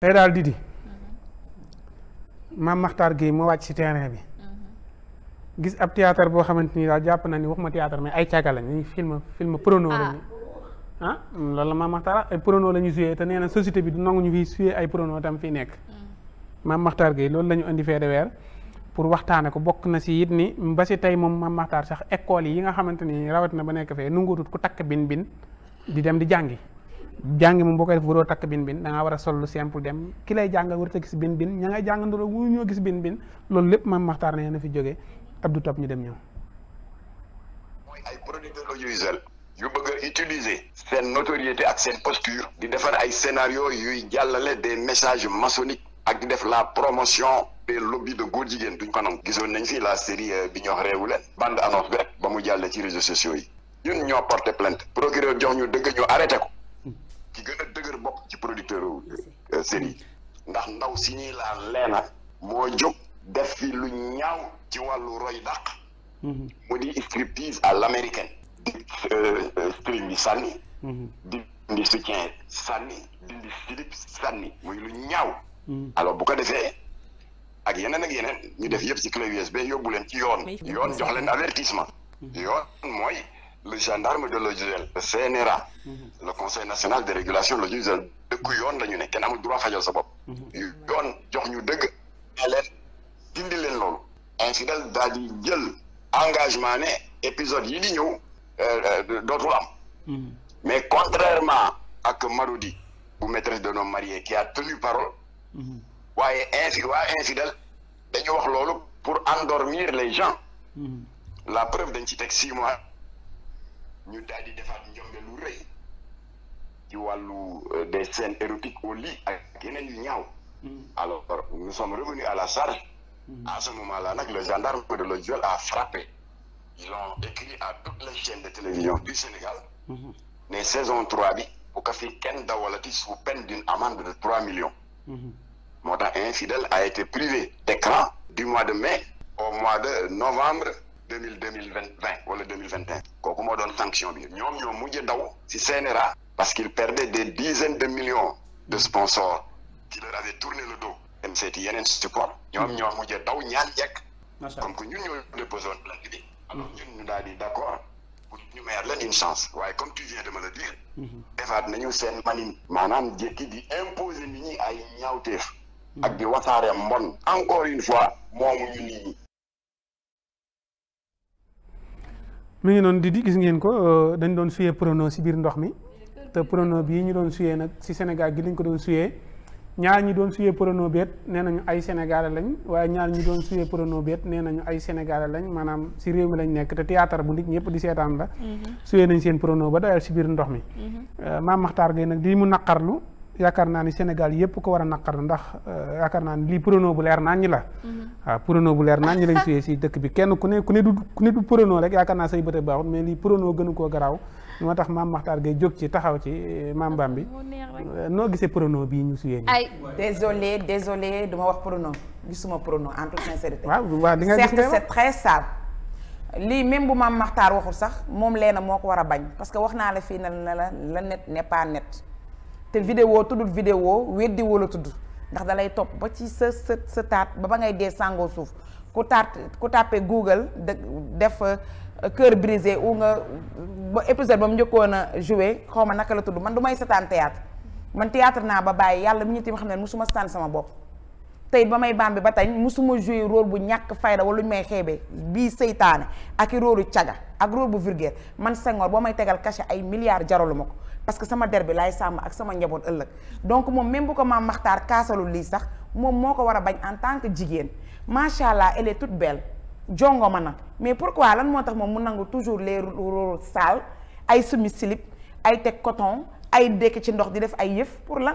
tey daal di maam mhm. Makhtar Gueye moo wàcc si terrain bi mhm. gis ab théâtre boo xamante ni daal jàpp na ni waxuma théâtre mais ay càgga lañ film film prono ah. lañu ah loolu la maam Makhtar ay prono la ñu suyee te nee na société bi du nangu ñu fi suyee ay prono tam fi nekk mhm. maam Makhtar Gueye loolu la ñu indi fee de pour waxtaane ko bokk na si it ni ba si tey moom maam Makhtar sax école yi nga xamante ni rawat na ba nekk fee nungootut ku takk bin bin di dem di jàngi jàng moom boo koy def waroo takk bin bin da ngaa war a sol lu dem ki lay jàng warut a gis bin bin ña ngay jàngandoo wu ñoo gis bin bin loolu lépp maam Maxtaar na na fi jógee Abdou Top ñu dem ñëw. mooy ay produits de bëgg a seen notoriété ak seen posture di defar ay scénario yuy jàllale des messages maçonniques ak def la promotion des lobbies de góor jigéen duñ ko nangu gisoon nañ fi la série euh, bi ñu wax réewu leen bande annonce bi rek ba mu jàll ci réseaux sociaux yi ñun ñoo porté plainte procureur jox ñu dëgg ñu arrêté ko. ki gën a dëgër bopp ci producteur euh, série ndax ndaw si ñuy laal leena moo jóg def fi lu ñaaw ci wàllu roy dàq mhm. mu di scriptise à l'américaine di euh, euh, string bi sànni mhm. di di soutien sànni dindi slip sànni muy lu ñaaw mhm. alors bu ko defee ak yeneen ak yeneen ñu def yëpp ci clé USB yóbbu leen ci yoon yoon jox leen avertissement yoon mooy le gendarme de l'audiovisuel le CNRA mhm. le conseil national de régulation de l'audiovisuel dëkku yoon la ñu ne kenn amul droit fajal sa mhm. yoon jox ñu dëgg aleen dindi leen loolu infidèle daal jël engagement ne épisode yi di ñëw euh, euh, dootul am mhm. mais contrairement ak Marodi bu maîtresse d'un homme marié qui a tenu parole waaye infi waa infidèle dañu wax loolu pour endormir les gens la preuve dañ ci teg six mois ñu daal di defaat njombe lu rëy ci wàllu euh, des scènes érotiques au lit a yeneen yu ñaaw hmm. alors nous sommes revenus à la charge hmm. à ce moment là nag le gendarme de Lodiol a frappé ils ont écrit à toutes les chaînes de télévision du Sénégal ne hmm. saison trois bi bu ko fi kenn dawalati sous peine d'une amende de trois millions moo tax Infidèles a été privé d'écran du mois de mai au mois de novembre deux mille deux mille vingt wala deux mille vingt et un kooku moo doon sanction bi ñoom ñoo mujj daw si CNRA parce qu'il perdait des dizaines de millions de sponsors qui leur avaient tourné le dos dem seeti yeneen support ñoom ñoo mujj daw ñaan yekk comme que ñu ñoo déposé mm-hmm. ñu daal di d'accord pour ñu mayaat une chance waaye comme tu viens de me le dire mm-hmm. defaat nañu seen manin maanaam jékki di imposer nit ñi ay ñaawteef mm-hmm. ak di wasaare mbon encore une fois moomu ñu nit ñi mu ngi di di gis ngeen ko euh, dañ doon suyee prono si biir ndox mi te prono bii ñu doon suyee nag si Sénégal gi lañ ko doon suyee ñaar ñi doon suyee prono beet nee nañu ay Sénégalais lañ waaye ñaar ñi doon suyee prono beet nee nañu ay Sénégalais lañ maanaam si réew mi lañ nekk te théâtre bu nit ñëpp di seetaan la. Mhm. suyee nañ seen prono ba doyal si biir ndox mi. maam euh, Maxtaar Gueye nag di mu naqarlu. yaakaar naa ni Sénégal yëpp ko war a naqar ndax euh, yaakaar naa ni lii prono bu leer naa ñi la waaw mm-hmm. ah, prono bu leer naa ñi lañ suyee si dëkk bi kenn ku ne ku ne du prono rek yaakaar naa say bët baaxut mais lii prono gënu koo garaaw moo tax maam Maxtaar Gay jóg ci taxaw ci euh, maam Bambi euh, noo gisee prono bii ñu suyee nii ay désolé désolé duma wax prono gisuma prono en toute sincérité waaw waaw li nga gis c'est très sale lii même bu maam Maxtaar waxul sax moom leena moo ko war a bañ parce que wax naa la fii na la la net te vidéo tuddul video weddi wala tudd ndax da lay topp ba ci sa sa sa taat ba ba ngay dee sàngoo suuf ku taat ku tàppee Google def euh, cœur brisé ou nga ba épisode ba mu njëkkoon a joué xaw ma naka la tudd man du may setaan théâtre man théâtre naa ba bàyyi yàlla mu ñetti tim xam ne musuma setaan sama bopp tey ba may baam bi ba tey musuma joué rôle bu ñàkk fayda wala luñ may xeebee bii seytaane ak i rôle caga ak rôle bu vulgaire man Senghor boo may tegal cachet ay milliards jaralu ma ko parce que sama der bi laay sàmm ak sama njaboot ëllëg donc moom même bu ko maam maxtaar kaasalul lii sax moom moo ko war a bañ en tant que jigéen macha allah elle est toute belle jongoma na mais pour pourquoi lan moo tax moom mu nangu toujours les rôles sales ay sumi slip ay teg coton ay dekk ci ndox di def ay yëf pour lan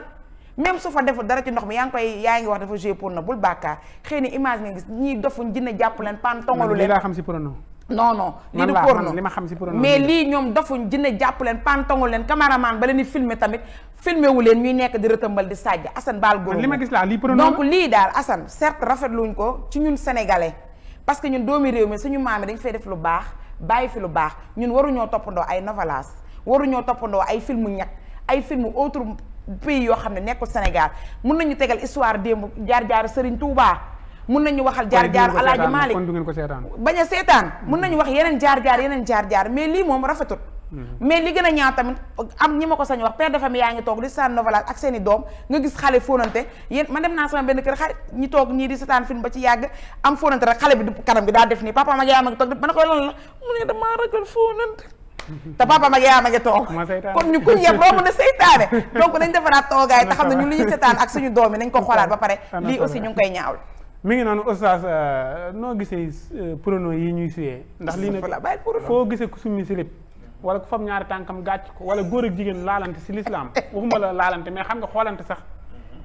même su fa deful dara ci ndox mi yaa ngi koy yaa ngi wax dafa joué porno bul bàkkaar xëy na image nga gis ñii dofuñ jinne jàpp leen paan tongalu leen lii laa xam si porno non non lii du porno li ma xam si porno mais lii ñoom dofuñ jinne jàpp leen paan tongalu leen cameraman ba leen di filmer tamit filmer wu leen ñuy nekk di rëtëmbal di sàjj Assane baal góor li ma gis laa lii porno donc lii daal Assane certes rafetluñ ko ci ñun sénégalais parce que ñun doomi réew mi suñu maam yi dañ fay def lu baax bàyyi fi lu baax ñun waruñoo toppandoo ay novelas waruñoo toppandoo ay filmu ñag ay filmu autre pays yoo xam ne nekkul Sénégal mun nañu tegal histoire démb jaar-jaar Serigne Touba. mun nañu waxal jaar-jaar Alaaji seetaan bañ a seetaan mm-hmm. wax yeneen jaar-jaar yeneen jaar-jaar mais lii moom rafetut. Mm-hmm. mais li gën a ñaaw tamit am ñi ma ko sañ wax père de famille yaa ngi toog di seetaan film ba ci yàgg am fóonante rek xale bi du kanam gi daa def nii papa ma yaa ma ngi toog def ba ne ko lan la mu ne damaa ragal fóonante te papaam ak yaayam a ngi toog kon ñu kuñ yëpp romb na seytaane donc nañ defaraat toogaay te xam ne ñu li ñu seetaan ak suñu doom yi nañ ko xoolaat ba pare lii aussi ñu ngi koy ñaawlu mi ngi noonu oustaz euh, noo gisee euh, prono yi ñuy suyee ndax lii nag foo gisee ku summi silib wala ku fam ñaari tànkam gàcc ko wala góor ak jigéen laalante si lislaam waxuma la laalante mais xam nga xoolante sax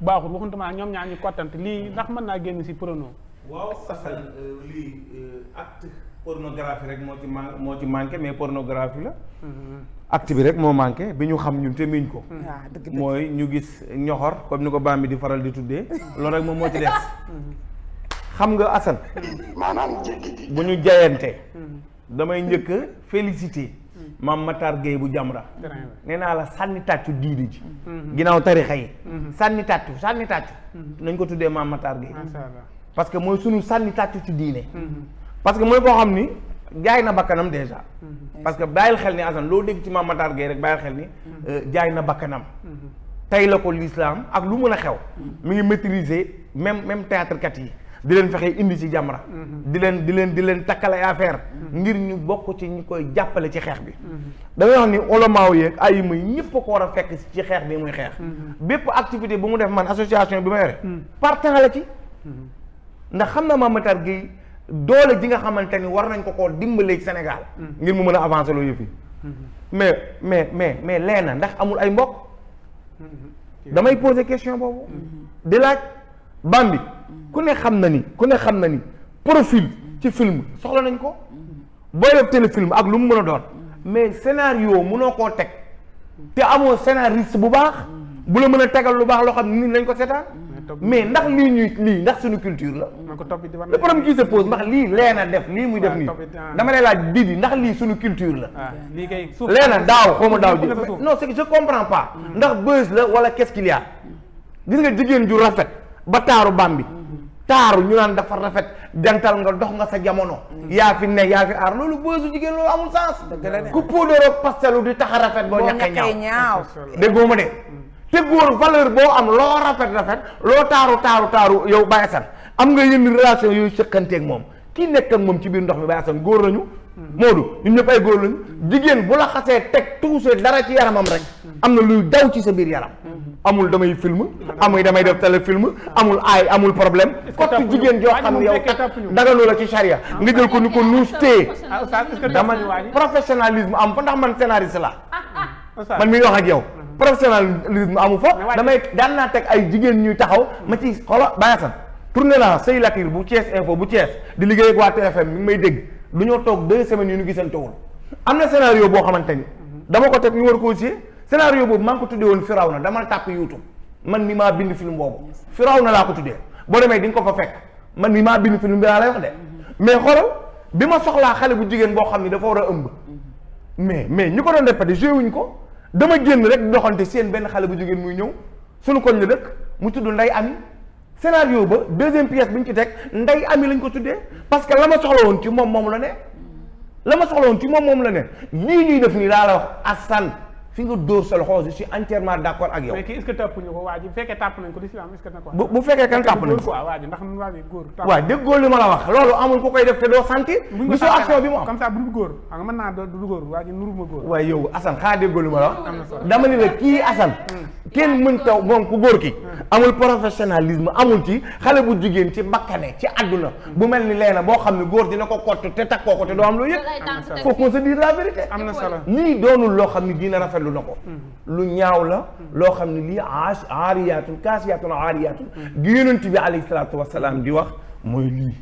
baaxul waxuntuma ñoom ñaar ñu kottante lii ndax mën naa génn si prono waaw saxal euh, lii acte pornographie rek moo ci man moo ci manqué mais pornographie la. Mm-hmm. acte bi rek moo manqué bi ñu xam ñun te miñ ko. Mm-hmm. Ah, mooy ñu gis ñoxor comme ni ko baam bi di faral di tuddee loolu rek moom moo ci des. Mm-hmm. xam nga Assane. maanaam bu ñu jayante damay njëkk a félicité. maam Matar Gueye bu Jamra. nee naa la sànni tàccu diini ji. ginnaaw tarixa yi. sànni tàccu sànni tàccu. nañ ko tuddee maam Matar Gueye. parce mooy sunu sànni tàccu ci diine. parce que mooy koo xam ni jaay na bakkanam déjà. Mm-hmm. parce que bàyyil xel ni Assane loo dégg ci Mame Matar Gueye rek bàyyil xel ni. Mm-hmm. Euh, jaay na bakkanam. Mm-hmm. tey la ko l'islam ak lu mën a xew. mi ngi maîtriser même même théâtre kat yi. di leen fexe indi ci Jamra di leen di leen di leen takkale affaire. ngir ñu bokk ci ñu koy jàppale ci xeex bi. da ngay wax ni olomaaw yeeg ay may ñëpp ko war a fekk ci xeex bi muy xeex. bépp activité bu mu def man association bi ma yore. partant la ndax xam na Mame doole ji nga xamante ni war nañ ko koo dimbaleeg Sénégal. Mm. ngir mu mën a avancer loo yëf yi. Mm-hmm. mais mais mais mais lee na ndax amul ay mbokk. Mm-hmm. damay poser question boobu. Mm-hmm. di laaj Bambi. ku ne xam na ni ku ne xam na ni profil ci film soxla nañ ko. booy def téléfilm ak lu mu mën a doon. mais scénario mënoo koo teg. te amoo scénariste bu baax. bu la mën a tegal lu baax loo xam ni nañ ko seetaan. mais ndax lii ñuy lii ndax suñu culture la le problème qui se pose ndax lii leena def lii muy def nii ah. dama lay laaj di di ndax lii suñu culture la ah, leena daaw xaw ma daaw ji non c'est que je comprends pas mm-hmm. ndax buzz la wala qu'est-ce qu'il a gis nga jigéen ju rafet ba taaru baam bi mm-hmm. taaru ñu naan dafa rafet jantal nga dox nga sa jamono mm-hmm. yaa fi ne yaa fi aar loolu bësu jigéen loolu amul sens ku poudre ak pastelu di tax a rafet boo ñàkkee ñaaw déggoo ma de te góor valeur am loo rafet rafet loo taaru taaru taaru yow Baye Assane am nga yenn relation yooyu sëqanteeg moom kii nekk moom ci biir ndox mi Baye Assane góor lañu. Mm-hmm. Moodu ñun ñëpp ay góor lañu. jigéen bu la xasee teg tuuse dara ci yaramam rek. Mm-hmm. am na luy daw ci sa biir yaram. Mm-hmm. amul damay film. amul damay def téléfilm. amul ay amul problème. kottu jigéen joo xam ne yow dagalu la ci charia. Ah, nga jël ko ni ko nuus téye. Ah, dama professionnalisme am fa ndax man scénariste la man mi ngi wax ak yow. professionnalisme amu fa. damay daan naa teg ay jigéen ñuy taxaw. ma ci xolo bàyyi tourné naa Sey Lakir bu Thiès info bu Thiès di liggéey ak waa TFM mi may dégg du ñoo toog deux semaines yu ñu gisantewul am na scénario boo xamante dama ko teg ñu war ko ci scénario boobu maa ngi ko tuddee woon na dama tàpp YouTube man mi maa bind film boobu. na laa ko tuddee boo demee di ko fa fekk man mi maa bind film bi laa lay wax de. Mm-hmm. mais jigéen boo xam ni dafa war a ëmb. Mm-hmm. mais mais ñu ko doon répété joué wuñ ko. dama génn rek doxante seen benn xale bu jigéen muy ñëw suñu koñ la dëkk mu tudd Ndey Ami scénario ba deuxième pièce bi ñu ci teg Ndey Ami lañ ko tuddee parce que la ma soxla woon ci moom moom la ne la ma soxla woon ci moom moom la ne lii ñuy def nii laa la wax Assane fi nga dóor sa loxo je suis entièrement d' ak yow. bu bu fekkee kan tàpp nañ ko waa ji ndax waa li ma la wax loolu amul ku koy def te doo sentir. gisoo action bi mu am comme waaye yow Assane xaa déggoo li ma la wax. dama ni la kii Assane. Hmm. kenn mën taw moom ku góor ki. Hmm. amul professionnalisme amul ci xale bu jigéen ci bakkane ci àdduna. Hmm. bu mel ni leena boo xam ne góor dina ko kott te takkoo ko te doo am loolu yëpp. faut qu'on se dise la vérité. am na solo lii doonul loo xam ne rafetlu na ko lu ñaaw la loo xam ne lii aas aariyaatun kaasiyaatun aariyaatun gi yonent bi alayhi salaatu wasalaam di wax mooy lii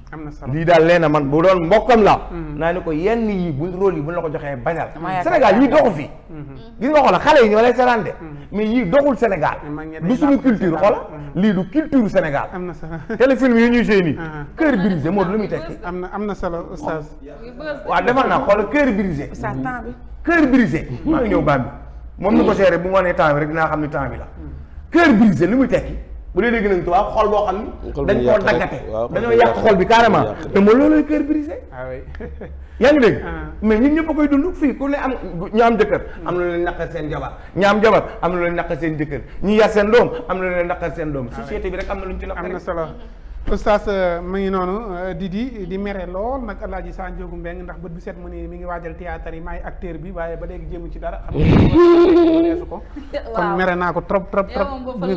lii daal leena man bu doon mbokkam la mm-hmm. naa ne ko yenn yi bu rôle yi bu la ko joxee bañal Sénégal yii doxu fi mm-hmm. gis nga xoola xale yi ñoo lay sarande mm-hmm. mais yii doxul Sénégal du suñu culture xoola lii du culture Sénégal am na solo téléfilm yi ñuy séen nii ah. cœur moo lu muy tekki am na am na solo oustaz waaw defal naa xoola cœur brisé oustaz maa ngi ñëw moom ni ko géré bu ma nee temps rek naa xam ni temps bi la cœur brisé li muy tekki bu dee dégg nañ tubaab xol boo xam ni dañ koo daggate dañoo yàq xol bi carrément te moo loolu cœur brisé ah yaa ngi dégg ah. mais ñun ñëpp a koy dund fii ku ne am ñu am jëkkër am na lu leen seen jabar ñu am am na lu leen naqar seen jëkkër ñu yar seen doom am na lu leen naqar seen doom su ah société bi rek am na lu ñu ci naqar am na solo oustaz euh, mu ngi noonu euh, di di di mere lool nag ji Sa Ndiogou Mbeng ndax bët bu set mu ni mi ngi waajal théâtre yi maay acteur bi waaye ba léegi jéemu ci dara ko kon naa ko trop trop trop voilà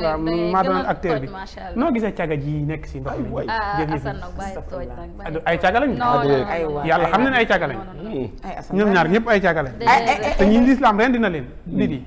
waaw maa doon acteur bi noo gisee caga ji nekk si ndox mi ay ah, caga lañ yàlla xam ne ne ay caga lañ ñoom ñaar ñëpp ay caga lañ te ñi lislaam ren dina leen di di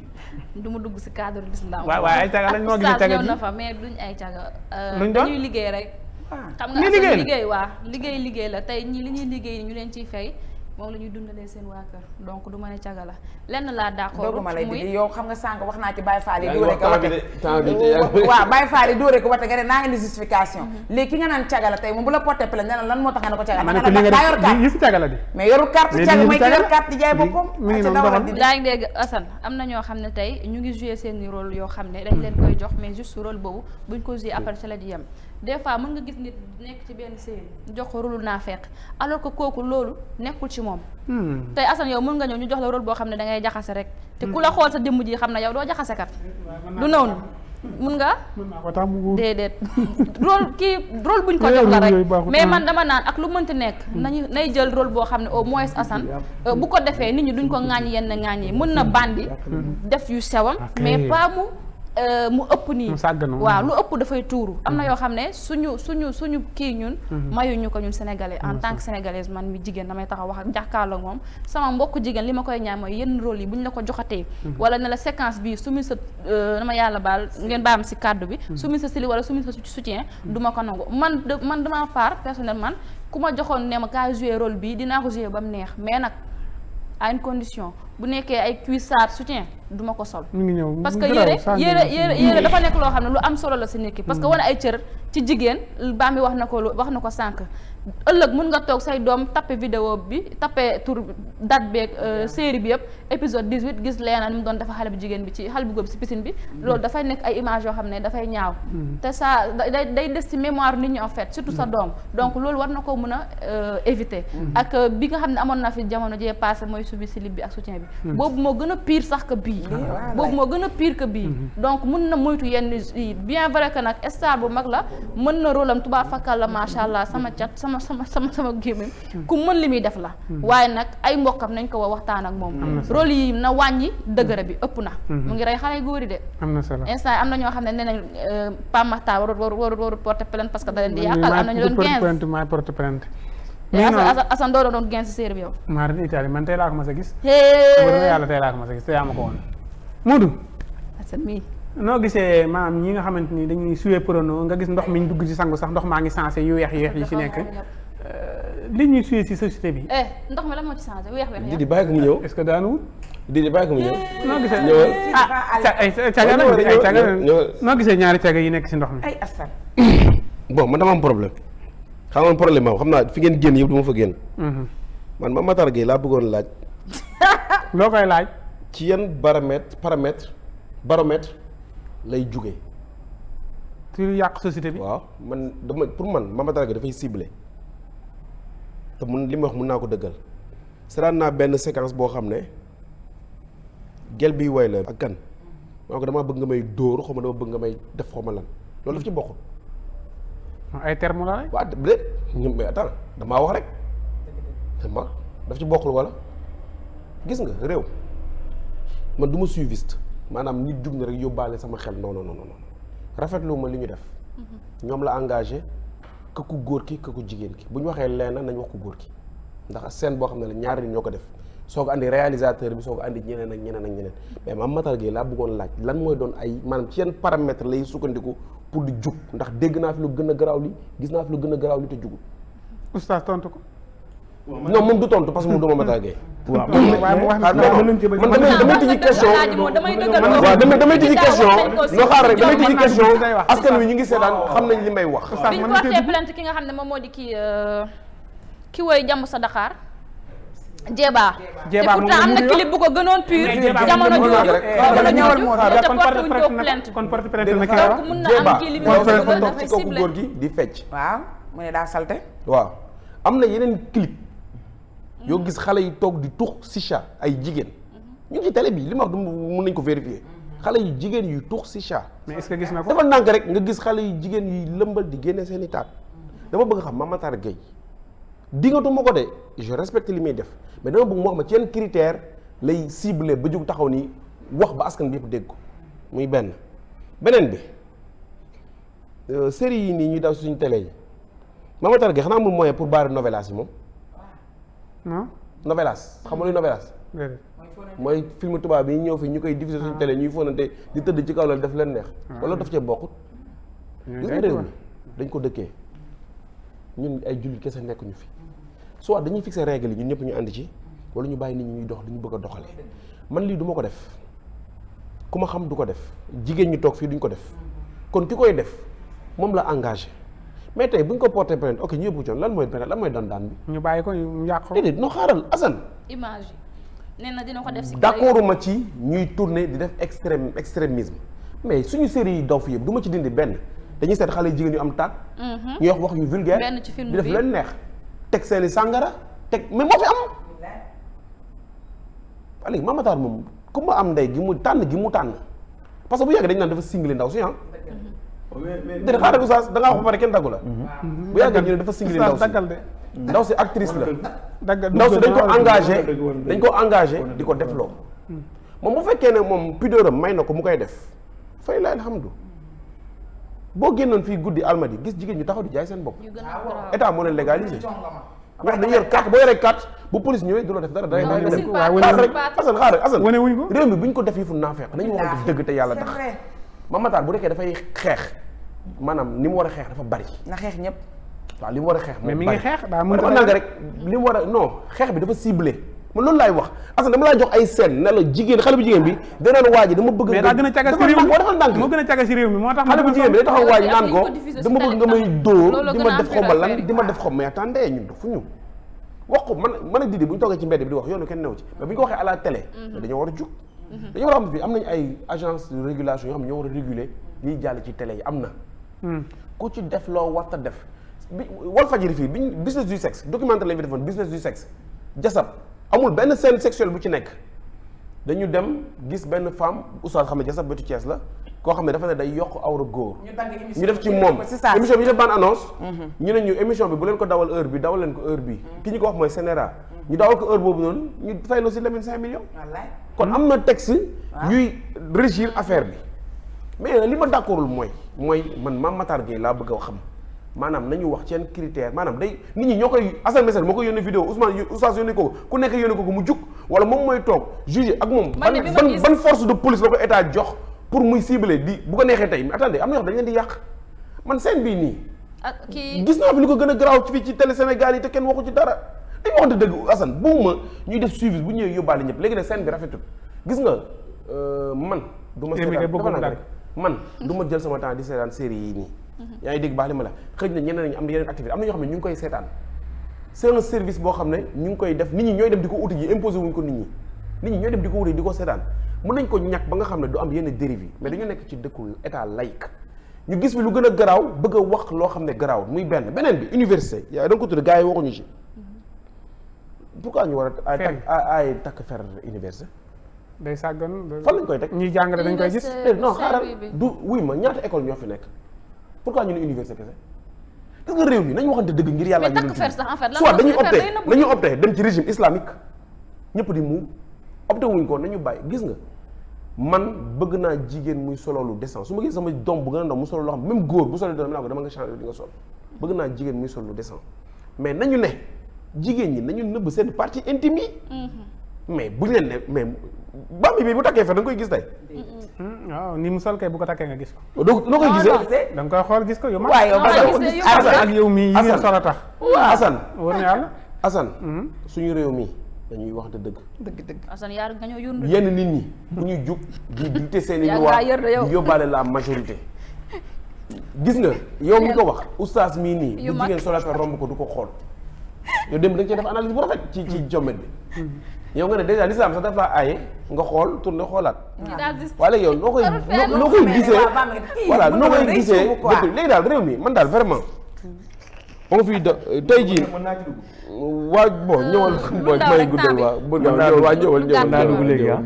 du ma dugg si cadre l'islam waaw waaw ay caga lañ moo gis caga ñëw na fa mais duñ ay caga euh, luñ doon dañuy liggéey rek ah. xam nga liggéey liggéey waa liggéey liggéey la tey ñii li ñuy liggéey ñu leen ciy fay moom la ñuy dundalee seen waa kër donc du ne caga la lenn laa d'accord dooguma lay yow xam nga sànq wax naa ci Baye Fall yi dóore ko wate waaw Baye nga ne naa ngi di justification mhm. ki nga naan caga la tey moom bu la porté plainte nga ne lan moo tax nga ne ko caga daa yor carte yëfu caga la di mais yorul carte caga mooy ki yor carte di jaay boppam daa am na ñoo xam ne tey ñu ngi joué seen rôle yoo xam ne dañ leen koy jox mais juste rôle boobu buñ ko joué des fois mën nga gis nit nekk ci benn séy jox ko rôle naa fekk alors ko kooku loolu nekkul ci moom. Hmm. te Assane yow mën nga ñëw ñu jox la rôle boo xam ne da ngay jaxase rek. te ku hmm. la xool sa jëmm ji xam ne yow doo jaxase kat. du noonu mun nga. déedéet rôle kii rôle buñ ko jox la rek mais man hmm. dama naan ak lu mënti nekk. nañu nay jël rôle boo xam ne au moins Assane euh, bu ko defee nit ñi duñ ko ŋaañ yenn ŋaañ yi mën na bandi def yu sewam mais pas Euh, mu ëpp nii waaw lu ëpp dafay tuuru am na mhm. yoo xam ne suñu suñu suñu kii ñun mhm. mayuñu ko ñun sénégalais en tant que sénégalaise man mi jigéen damay taxawax wax ak jàkkaarloo moom sama mbokk jigéen li ma koy ñaan mooy yenn rôle yi bu ñu la ko joxatee mhm. wala ne la séquence bi sumil sa dama euh, yàlla baal ngeen baam si kàddu bi su sumil sa sili wala sumil sa soutien du ma ko nangu man man de ma part personnellement ku ma joxoon ne ma kaa joué rôle bi dinaa ko joué ba mu neex mais nag à une condition bu nekkee ay cuissard soutien du ma ko sol. mu ngi ñëw parce que yére yére yére yére dafa nekk loo xam ne lu am solo la si nekkee ki. parce que hmm. wane ay cër ci jigéen baam bi wax na ko wax na ko sànq. ëllëg mun nga toog say doom tappe vidéo bi tappe tur date beeg euh, série bi yëpp épisode 18 gis leena ni mu doon dafa xale bu jigéen bi ci xale bu góor bi si piscine bi mm-hmm. loolu dafay nekk ay image yoo xam ne dafay ñaaw mm-hmm. te ça day day des ci mémoire nit ñi en fait surtout sa mm-hmm. doom donc loolu war na ko mën a euh, évité ak euh, bi nga xam ne amoon na fi jamono jee passé mooy suicide bi ak soutien bi boobu moo gën a pire sax que bii ah, boobu moo gën a piir que bii donc mun na moytu yenn bien vrai que nag star mag la mën na rôlam tubaab fakkal macha allah sama cat sama sama sama sama sama ku mën li muy def la waaye nag ay mbokkam nañ ko wa waxtaan ak moom rôle yi na wàññi dëgëra bi ëpp na mm-hmm. mu ngi rey xale góor yi de na solo instant am na ñoo xam ne nee nañ euh, Pape Makhtar warut warut warut parce que da leen di yàqal am nañu doon 15 maa porter plainte Assane Assane doo doon gën si séer bi yow. maa ngi Italie man tey laa ko mas a gis. wala yàlla tey laa ko mas a gis te yaa ma ko woon Moodu. Assane mii. noo gisee maanaam ñi nga xamante ni dañuy suwe prono nga gis ndox mi ñu dugg ci sangu sax ndox maa ngi sensé yu weex yeex yi ci nekk euh, li ñuy suwe si société bi. Eh, ndox mi lan moo ci sensé weex weex di bàyyi ko mu ñëw est-ce que di bàyyi ko mu ñëw. Eh, noo gisee ah, ñëwal noo gisee ñaari caga yi nekk si ndox mi. ay asal. bon man dama am problème xam nga problème ma xam naa fi ngeen génn yëpp du ma fa génn. Mm-hmm. man ma Matar Gueye laa bëggoon laaj. loo koy laaj. ci yan baromètre paramètre baromètre lay jugee. ci yàq société bi. waaw man dama pour man Mame Makhtar Gueye dafay ciblé te mun li ma wax mun naa ko dëggal. saraan naa benn séquence boo xam ne gel bi way la ak kan maa ko damaa bëgg nga may dóor xaw ma dama bëgg nga may def ma lan loolu daf ci bokkul. ay termes la rek. waaw déet ñoom mais attends damaa wax rek. dama daf ci bokkul wala gis nga réew man du ma maanaam nit jug na rek yóbbaale sama xel non non non non rafetlu ma li ñu def. Mhm. ñoom la engage ka ku góor ki ka ku jigéen ki bu ñu waxee lenn nañ wax ku góor ki ndax scène boo xam ne la ñaari nit ñoo ko def soo ko andi réalisateur bi soo ko andi ñeneen ak ñeneen ak ñeneen mais Mame Matar Gueye laa bëggoon laaj lan mooy doon ay maanaam ci yenn paramètre lay sukkandiku pour di jug ndax dégg naa fi lu gën a garaaw li gis naa fi lu gën a garaaw li te jugul. non moom du tontu parce que moom du ma Matar Gueye. waaw man damay tijji question waaw xaar rek damay tijji question askan wi ñu ngi seetaan xam nañ li may wax. bi ñu porté plainte ki nga xam ne moom moo di kii euh, ki woy jàmm sa Dakar. Jeeba te pourtant am na clip bu ko gënoon pur jamono jooju jamono kon porte plainte na donc mun na am kii li mu doon ci kooku góor di fecc. waaw mu ne daa salte. waaw am na yeneen clip. yoo gis xale yi toog di tux shisha ay jigéen ñu ci télé bi li ma wax du mën nañ ko vérifier xale yu jigéen yuy tux shisha mais est-ce que gis na ko dafa nànk rek nga gis xale yu jigéen yuy lëmbal di génne seen i taat dama bëgg xam Mame Matar Gueye dingatu ma ko de je respecte li muy def mais dama bëgg moo xam ne ci yenn critère lay ciblé ba jug taxaw ni wax ba askan bi yëpp dégg ko muy benn beneen bi euh, série yi nii ñuy daw suñu télé yi Mame Matar Gueye xanaa amul moyen pour barrer novelas yi moom novelas xam nga luy novelas mooy film tubaab yi ñëw fi ñu koy diffusé suñu télé ñuy fonante di tëdd ci kaw loolu daf leen neex ah. wala daf cee bokkut gis nga réew mi dañ ko dëkkee ñun ay jullit kese nekkuñu fi soit dañuy fixé règle yi ñun ñëpp ñu ànd ci wala ñu bàyyi nit ñi ñuy dox dañu bëgg a doxale man lii duma ko def ku ma xam du ko def jigéen ñu toog fii duñ ko def kon ki koy def moom la engage mais tey bu ñu ko porté plainte ok ñu yóbbu ko lan mooy lan mooy daan bi. ñu bàyyi ko ñu yàq ko xaaral Assane. image yi na dina ko def si. d'accord ma ci ñuy tourner di def extrême extrémisme mais suñu série yi daw fi yëpp du ma ci dindi benn dañu seet xale jigéen yu am taat. Mhm. ñuy wax wax yu vulgaire. benn ci film bi di def leen neex teg seeni sàngara teg mais moo fi am. léegi Mame Matar moom ku ma am ndey gi mu tànn gi mu tànn parce que bu yàgg dañu naan dafa single ndaw si ah. déedéet xaaral oustaz da ngaa wax ba pare kenn daggu la mm-hmm. Mm-hmm. bu yàggee ñu ne dafa singilé ndaw si actrice la ndaw si dañ ko engagé dañ di ko def loo mm-hmm. moom bu fekkee ne moom pudeuram may na ko mu koy def fay la alhamdu boo génnoon fii guddi almadi gis jigéen ñu taxaw di jaay seen bopp état moo leen légalisé wax dañu yor boo yoree carte bu police ñëwee du la def dara day dem rek asan xaaral asan réew mi bu ñu ko def yi fu naafeeq nañu waxante dëgg te yàlla tax xeex maanaam ni mu war a xeex dafa bari. na xeex ñëpp. waa li mu war a xeex. mais mi ngi xeex daa mën a rek li mu war a non xeex bi dafa ciblé. man loolu laay wax asan dama laa jox ay scène ne la jigéen xale bu jigéen bi danaan waa ji dama bëgg mais daa gën a caga si réew mi defal ndànk moo gën a caga si réew mi moo tax xale bu jigéen bi day taxaw waa naan ko dama bëgg nga may dóor di ma def xaw ma lan di ma def xaw ma mais attendez ñun dafa ñu wax man a didi bu ñu toogee ci mbedd bi di wax yoonu kenn new ci mais bu ñu ko waxee à la télé mhm. dañoo war a jug mhm. dañoo war a xam bi am nañu ay agence de yoo xam ne war a réguler liy jàll ci télé yi am na Hmm. ku ci def loo war a def bi Walfadjri fii biñ business du sexe documentaire lañu fi defoon business du sexe jasab amul benn seen sexuelle bu ci nekk dañu dem gis benn femme oustaz xam ne jasab bëtu Thiès la koo xam ne dafa ne day yokk awra góor ñu def ci moom émission bi ñu def bande annonce hmm. ñu ne ñu émission bi bu leen ko dawal heure bi dawal leen ko heure bi hmm. ki ñu ko wax mooy Sénéra ñu dawal ko heure boobu noonu ñu fay loo si Lamine cinq millions kon am na texte yuy régir affaire bi mais euh, li ma d'accordul mooy mooy man Mame Matar Gueye laa bëgg a xam maanaam nañu wax ceen critère maanaam day nit ñi ñoo koy Assane Messere moo koy yónnee vidéo Ousmane Oustaz yónnee ko ku nekk yónnee ko ko mu jug wala moom mooy toog jugé ak moom. ban ban ban force de police la ko état jox pour muy ciblé di bu ko neexee tey mais attendez am na yoo xam dañ leen di yàq man seen bii nii. ak ah, kii gis naa fi lu ko gën a garaaw fii ci télé Sénégal yi te kenn waxu ci dara dañ waxante dëgg Assane buuma ñuy def suivi bu ñëwee yóbbaale ñëpp léegi nag seen bi rafetul gis nga euh, man. du ma seetaan man du ma jël sama temps di seetaan série yi nii mhm. yaa ngi dégg baax li ma la xëy na ñeneen am na yeneen activité am na ñoo ñu ngi koy seetaan c'est un service boo xam ne ñu ngi koy def nit ñi ñooy dem di ko uti ji imposé ko nit ñi nit ñi di ko uti di ko seetaan mën nañ ko ñàkk ba nga xam ne du am yenn dérive mais dañu nekk ci dëkku état laïque ñu gis bi lu gën a garaaw bëgg a wax loo xam ne garaaw muy benn beneen bi université yaa da nga ko tudd gars yi waxuñu ci mhm. pourquoi ñu war a ay takk fer université day sàggan. fan lañ koy teg ñuy jàngale dañ koy gis. non xaaral du wuy ma ñaata école ñoo fi nekk pourquoi ñu ne université kese. gis nga réew mi nañu waxante dëgg ngir yàlla. mais takk fer sax en fait lan dañuy ñëpp di mu opté wuñ ko nañu bàyyi gis nga man bëgg naa jigéen muy solo lu décent su ma gis sama doom bu gën a ndaw mu solo loo xam même góor bu solo doon naa ko dama nga changé di nga jigéen muy solo lu décent mais nañu ne jigéen ñi nañu nëbb seen partie intime mais bu ñu leen ba mais bambi bi bu takkee fer da nga koy gis tey. waaw mm-hmm. ah, ni mu sol kay bu ko takkee nga gis ko. doo ko koy gisee. koy xool gis ko yow. waaw yow ak mii yi ngeen a tax. Assane wóor na yàlla. Assane. Mm-hmm. suñu réew mii dañuy wax de dëgg. dëgg dëgg Assane yaa nga nit ñi ñuy jug di i loi di yóbbaale majorité. gis nga yow mi ko wax oustaz mii nii. bu jigéen sol a romb ko du ko xool. yow dem da nga cee def analyse bu rafet ci ci mm-hmm. jommet bi. yow nga ne déjà sa sax dafa aaye nga xool tourné xoolaat. waaw léegi yow noo koy noo koy gisee. voilà noo koy gisee dëkk léegi daal réew mi man daal vraiment. on fi da euh, tey jii. waa bon hmm. ñëwal booy may guddal waa bu ñëwal waa ñëwal ñëwal naa dugg léegi ah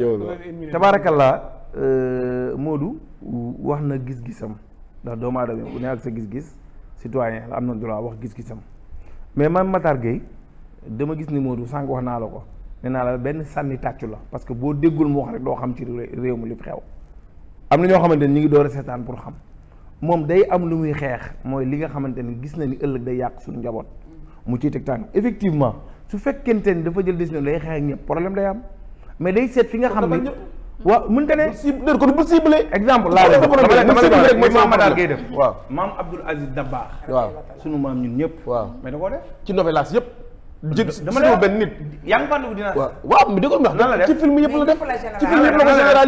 tabaarakallaa euh, Modou wax na gis-gisam ndax doomu aadama ku ne ak sa gis-gis citoyen la am na droit wax gis-gisam mais man Matar Gueye dama gis ni Modou sànq wax naa la ko nee naa la benn sànni tàccu la parce que boo déggul mu wax rek doo xam ci réew mi li xew am na ñoo xamante ni ñu ngi door a seetaan pour xam moom day am lu muy xeex mooy li nga xamante ni gis na ni ëllëg day yàq suñu njaboot mu ciy teg tànk effectivement su fekkente ni dafa jël décision day xeex ak ñëpp problème day am mais day seet fi nga xam ni waaw mënte ne si dër ko bu ciblé exemple laa def rek mooy maam daal ngay def waaw maam Abdoul Aziz Dabakh waaw suñu maam ñun ñëpp waaw mais da koo def ci novelas yëpp dama lay benn nit. yaa ngi fàttaliku dina. waaw waaw mu déggoo wax ci film la def ci film yëpp la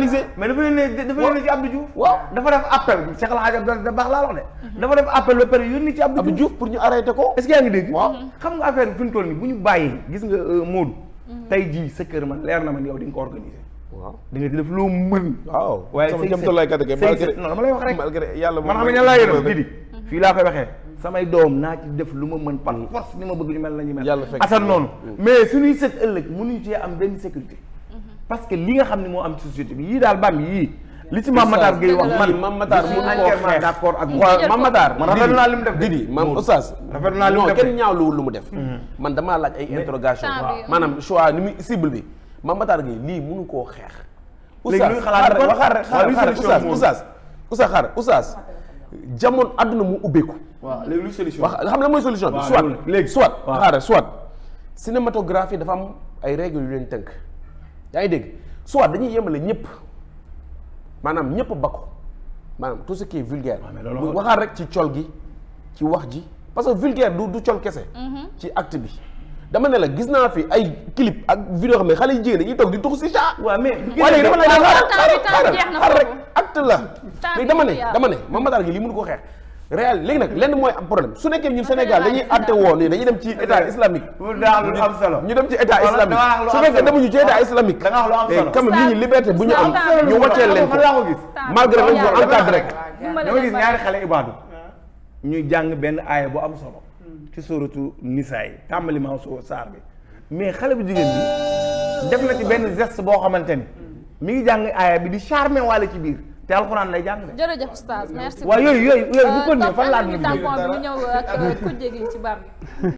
ko ci Abdou Diouf. waaw dafa def appel Cheikh da baax laa wax de. Mhm. dafa def appel ba pare yónni ci Abdou Diouf pour ñu arrêté ko. est yaa ngi dégg. waaw mhm. xam nga affaire bi toll nii bu ñu bàyyee gis nga euh, Modou. Mhm. tey jii sa kër man leer na man yow di nga ko organiser. waaw def loo mën. waaw sama jëm tollooy kàddu gi. waaye say say wax rek. malgré yàlla moom man xam nga laa yërëm fii laa koy waxee samay doom naa ci def lu ma mën par force ni ma bëgg ñu mel la ñu mel asan noonu mais suñuy sët ëllëg mënuñu cee am benn sécurité parce que li nga xam ne moo am ci société bi yii daal bam yii li si Mame Matar Gueye wax man Mame Matar mu entièrement Matar man rafetlu naa li mu def Didi Mame Oustaz rafetlu naa li mu def kenn ñaawluwul lu mu def man damaa laaj ay interrogation maanaam choix ni muy cible bi Mame Matar Gueye lii mënu koo xeex Oustaz xaar Oustaz Oustaz Oustaz jamono àdduna mu ubbeeku. waaw léegi luy solution wax xam la mooy solution. bi soit léegi soit. xaaral soit cinématographie dafa am ay règles yu leen tënk. yaa ngi dégg soit dañuy yemale ñëpp maanaam ñëpp bakku maanaam tout ce qui est vulgaire. waaw waxaat rek ci col gi ci wax ji parce que vulgaire du du col kese. Mhm. ci acte bi. dama ne la gis naa fi ay clip ak vidéo xam ne xale yu jigéen dañuy toog di tux si chat. waaw mais. waaye léegi dama lay def rek. pacte la léegi dama ne dama ne Mame Matar Gueye lii mënu ko xeex réel léegi nag lenn mooy am problème su nekkee ñun Sénégal dañuy àtte woon nii dañuy dem ci état islamique. ñu dem ci état islamique su fekkee demuñu ci état ah. islamique. da nga wax lu am eh, solo quand même nit ñi liberté bu ñu am ñu wàccee leen ko malgré rek ñu encadré rek. dama gis ñaari hmm. bu am solo. Hmm. ci suuratu Nisaa yi tàmbali maa soo saar bi mais xale bu jigéen bi def na ci benn geste boo xamante ni hmm. mi ngi jàng aaya bi di charmer waale ci biir. te alxuraan lay jàng. jërëjëf oustaz merci. waaw yooyu yooyu yooyu bu ko nii fan laa dugg. ñu ñëw ak euh, kujje gi ci bar bi.